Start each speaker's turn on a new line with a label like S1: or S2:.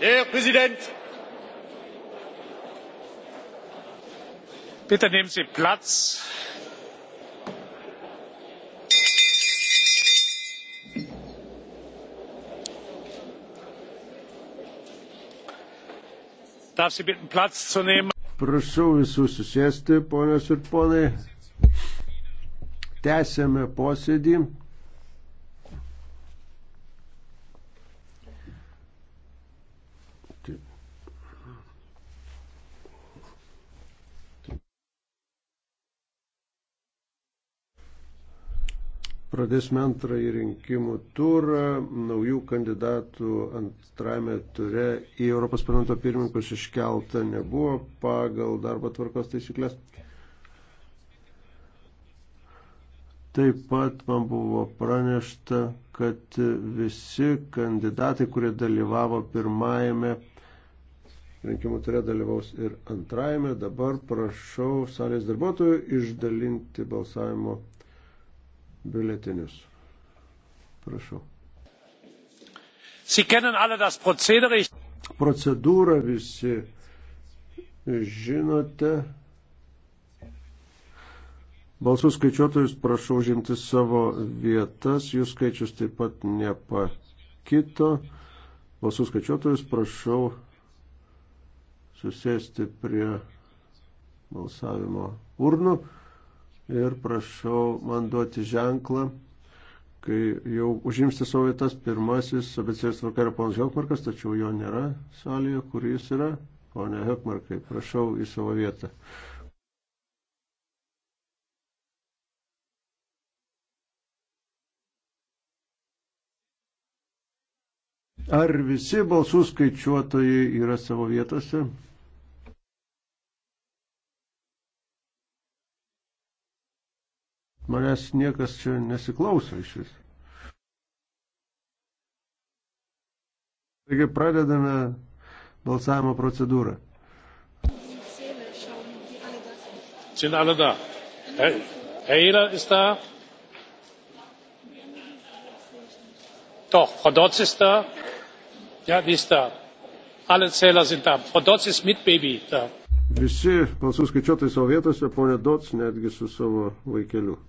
S1: herr präsident! bitte nehmen sie platz. ich darf sie bitten platz zu nehmen.
S2: prašau visų susėsti ponios ir ponai. tęsiame posėdį. Pradėsime antrąjį rinkimų turą. Naujų kandidatų antrame ture į Europos parlamento pirmininkus iškelta nebuvo pagal darbo tvarkos taisyklės. Taip pat man buvo pranešta, kad visi kandidatai, kurie dalyvavo pirmajame rinkimų ture, dalyvaus ir antrajame. Dabar prašau salės darbuotojų išdalinti balsavimo biuletenius. Prašau.
S1: Sie kennen alle das Prozedere.
S2: Procedūrą visi žinote. Balsų skaičiuotojus prašau žimti savo vietas, jų skaičius taip pat nepakito. Balsų skaičiuotojus prašau susėsti prie balsavimo urnų ir prašau man duoti ženklą, kai jau užimsti savo vietas pirmasis abecės vakarė ponas Helkmarkas, tačiau jo nėra salėje, kur jis yra. Pone Helkmarkai, prašau į savo vietą. Ar visi balsų skaičiuotojai yra savo vietose? Manęs niekas čia nesiklauso iš vis. Taigi pradedame balsavimo procedūrą.
S1: Sind alle da? Herr, Herr Ehler ist da? Doch, Frau Dotz ist da? Ja, die ist da. Alle Zähler sind da. Frau Dotz ist mit Baby da.
S2: Visi balsų skaičiuotojai savo vietose, ponė Dots netgi su savo vaikeliu.